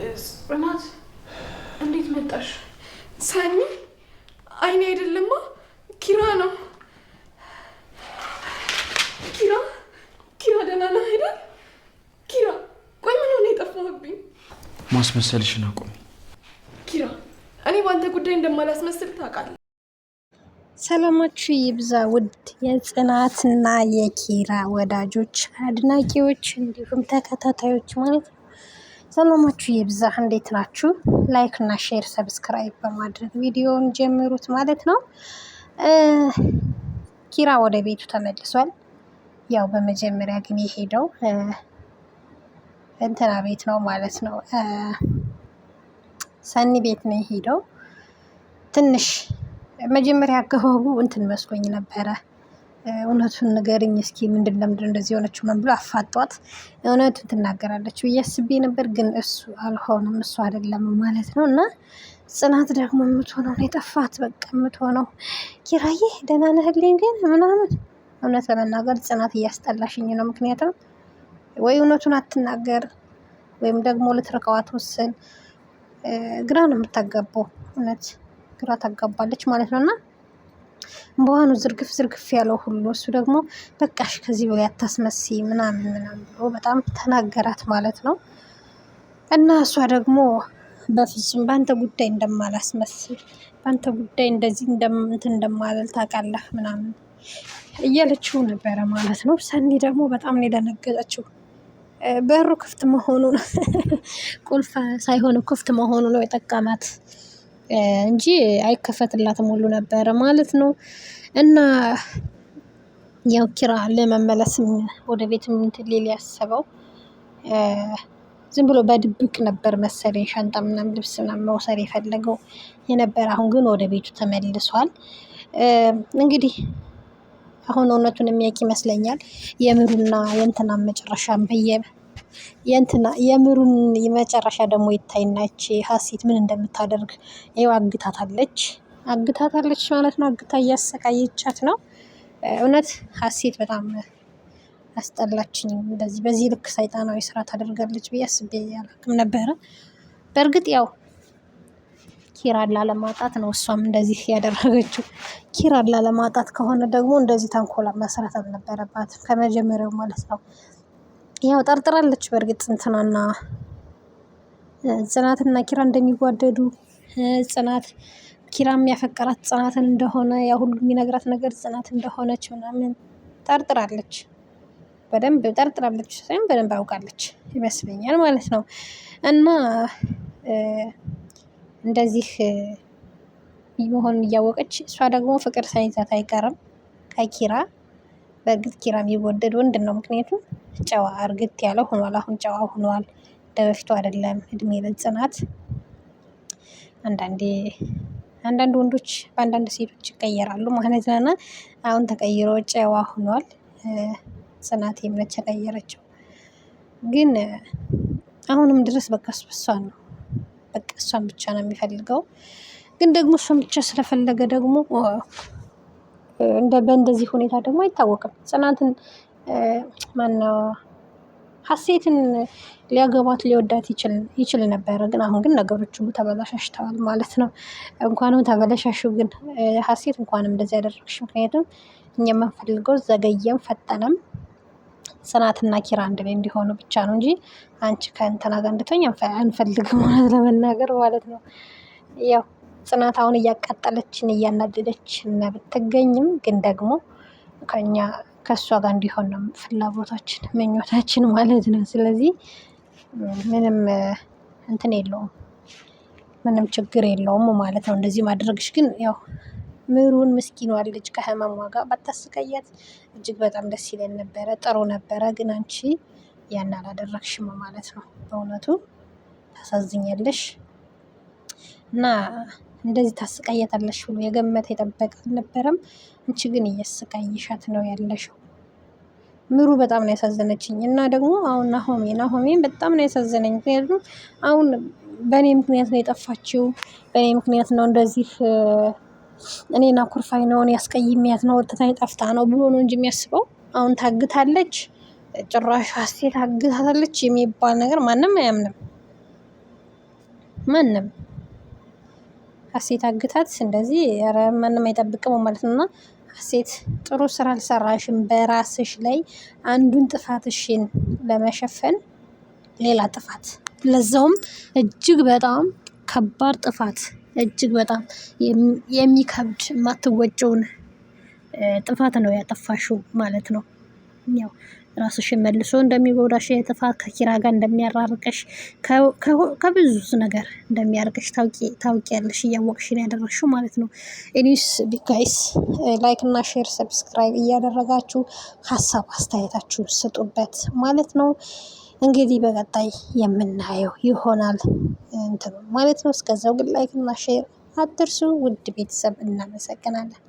ጽናት እንዴት መጣሽ? ሰኒ አይኔ አይደለማ ኪራ ነው። ኪራ ኪራ፣ ደህና ነህ አይደል? ኪራ ቆይ ምን ሆነ የጠፋህብኝ? ማስመሰልሽን አቁሚ ኪራ። እኔ በአንተ ጉዳይ እንደማላስመስል ታውቃለህ። ሰላማችሁ ይብዛ ውድ የጽናትና የኪራ ወዳጆች አድናቂዎች፣ እንዲሁም ተከታታዮች ማለት ነው። ሰላማችሁ ይብዛ። እንዴት ናችሁ? ላይክ እና ሼር ሰብስክራይብ በማድረግ ቪዲዮውን ጀምሩት ማለት ነው። ኪራ ወደ ቤቱ ተመልሷል። ያው በመጀመሪያ ግን የሄደው እንትና ቤት ነው ማለት ነው። ሰኒ ቤት ነው የሄደው ትንሽ መጀመሪያ አገባቡ እንትን መስሎኝ ነበረ። እውነቱን ንገርኝ እስኪ ምንድን ለምንድን እንደዚህ የሆነችው ምን ብሎ አፋጧት እውነቱን ትናገራለች ብዬ አስቤ ነበር፣ ግን እሱ አልሆነም እሱ አይደለም ማለት ነው። እና ጽናት ደግሞ የምትሆነው ነው የጠፋት፣ በቃ የምትሆነው ኪራዬ ደህና ነህልኝ ግን ምናምን። እውነት ለመናገር ጽናት እያስጠላሽኝ ነው። ምክንያቱም ወይ እውነቱን አትናገር ወይም ደግሞ ልትርቀዋ ትወስን። ግራ ነው የምታጋባው። እውነት ግራ ታጋባለች ማለት ነው እና በኋኑ ዝርግፍ ዝርግፍ ያለው ሁሉ እሱ ደግሞ በቃሽ ከዚህ በላይ አታስመሲ ምናምን ምናምን ብሎ በጣም ተናገራት ማለት ነው እና እሷ ደግሞ በፍጹም በአንተ ጉዳይ እንደማላስመስል በአንተ ጉዳይ እንደዚህ እንትን እንደማለል ታውቃለህ ምናምን እያለችው ነበረ ማለት ነው። ሰኒ ደግሞ በጣም ነው የደነገጠችው። በሩ ክፍት መሆኑ ቁልፍ ሳይሆን ክፍት መሆኑ ነው የጠቀማት። እንጂ አይከፈትላትም ሁሉ ነበረ ማለት ነው። እና ያው ኪራ ለመመለስም ወደ ቤትም እንትን ሊል ያሰበው ዝም ብሎ በድብቅ ነበር መሰለኝ ሻንጣ ምናምን ልብስ ምናምን መውሰድ የፈለገው የነበረ። አሁን ግን ወደ ቤቱ ተመልሷል። እንግዲህ አሁን እውነቱን የሚያውቅ ይመስለኛል። የምሩና የእንትናም መጨረሻ በየ የእንትና የምሩን የመጨረሻ ደግሞ ይታይናች ሀሴት ምን እንደምታደርግ ይኸው አግታታለች። አግታታለች ማለት ነው። አግታ እያሰቃየቻት ነው። እውነት ሀሴት በጣም አስጠላችኝ። እንደዚህ በዚህ ልክ ሰይጣናዊ ስራ ታደርጋለች ብዬ አስቤ አላውቅም ነበረ። በእርግጥ ያው ኪራን ላለማጣት ነው እሷም እንደዚህ ያደረገችው። ኪራን ላለማጣት ከሆነ ደግሞ እንደዚህ ተንኮላ መስራት አልነበረባትም ከመጀመሪያው ማለት ነው። ያው ጠርጥራለች። በእርግጥ እንትናና ጽናትና ኪራ እንደሚጓደዱ ጽናት ኪራም ያፈቀራት ጽናትን እንደሆነ ያ ሁሉ የሚነግራት ነገር ጽናት እንደሆነች ምናምን ጠርጥራለች። በደንብ ጠርጥራለች ሳይሆን በደንብ አውቃለች ይመስለኛል ማለት ነው። እና እንደዚህ መሆኑን እያወቀች እሷ ደግሞ ፍቅር ሳይዛት አይቀርም ከኪራ። በእርግጥ ኪራ የሚወደድ ወንድ ነው። ምክንያቱም ጨዋ እርግጥ ያለ ሆኗል። አሁን ጨዋ ሆኗል። እንደበፊቱ አይደለም። እድሜ ለጽናት አንዳንዴ አንዳንድ ወንዶች በአንዳንድ ሴቶች ይቀየራሉ ማለት ነውና አሁን ተቀይሮ ጨዋ ሆኗል። ጽናት የምነች ተቀየረችው። ግን አሁንም ድረስ በቃ እሷን ነው በቃ እሷን ብቻ ነው የሚፈልገው። ግን ደግሞ እሷን ብቻ ስለፈለገ ደግሞ በእንደዚህ ሁኔታ ደግሞ አይታወቅም ጽናትን ማነው ሀሴትን ሊያገባት ሊወዳት ይችል ነበረ። ግን አሁን ግን ነገሮች ሁሉ ተበላሻሽተዋል ማለት ነው። እንኳንም ተበላሻሹ። ግን ሀሴት እንኳንም እንደዚህ ያደረግሽ። ምክንያቱም እኛ የምንፈልገው ዘገየም ፈጠነም ጽናትና ኪራ አንድ ላይ እንዲሆኑ ብቻ ነው እንጂ አንቺ ከእንትና ጋር እንድትሆኝ አንፈልግም፣ ማለት ለመናገር ማለት ነው። ያው ጽናት አሁን እያቃጠለችን እያናደደችን ብትገኝም ግን ደግሞ ከኛ ከእሷ ጋር እንዲሆን ነው ፍላጎታችን ምኞታችን ማለት ነው። ስለዚህ ምንም እንትን የለውም ምንም ችግር የለውም ማለት ነው። እንደዚህ ማድረግሽ ግን ያው ምሩን ምስኪኗ ልጅ ከህመሟ ጋር ባታስቀያት እጅግ በጣም ደስ ይለን ነበረ፣ ጥሩ ነበረ። ግን አንቺ ያን አላደረግሽም ማለት ነው። በእውነቱ ታሳዝኛለሽ እና እንደዚህ ታስቀያታለሽ ብሎ የገመተ የጠበቀ አልነበረም። አንቺ ግን እያሰቃየሻት ነው ያለሽው። ምሩ በጣም ነው ያሳዘነችኝ። እና ደግሞ አሁን ናሆሜ ናሆሜን በጣም ነው ያሳዘነኝ። ምክንያቱም አሁን በእኔ ምክንያት ነው የጠፋችው፣ በእኔ ምክንያት ነው እንደዚህ እኔን ኩርፋይ ነው እኔ አስቀይሜያት ነው ወጥታ ጠፍታ ነው ብሎ ነው እንጂ የሚያስበው አሁን ታግታለች፣ ጭራሽ ሀሴት ታግታታለች የሚባል ነገር ማንም አያምንም ማንም ሀሴት አግታት እንደዚህ ኧረ ማንም አይጠብቅም ማለት ነውና ሀሴት ጥሩ ስራ አልሰራሽም። በራስሽ ላይ አንዱን ጥፋትሽን ለመሸፈን ሌላ ጥፋት ለዛውም እጅግ በጣም ከባድ ጥፋት እጅግ በጣም የሚከብድ የማትወጨውን ጥፋት ነው ያጠፋሽው ማለት ነው ያው ራስሽን መልሶ እንደሚጎዳሽ የጥፋት ከኪራ ጋር እንደሚያራርቅሽ ከብዙ ነገር እንደሚያርቅሽ ታውቂያለሽ። እያወቅሽ ነው ያደረግሽው ማለት ነው። ኤኒስ ቢጋይስ ላይክ እና ሼር ሰብስክራይብ እያደረጋችሁ ሀሳብ አስተያየታችሁ ስጡበት ማለት ነው። እንግዲህ በቀጣይ የምናየው ይሆናል እንትኑ ማለት ነው። እስከዛው ግን ላይክ እና ሼር አትርሱ። ውድ ቤተሰብ እናመሰግናለን።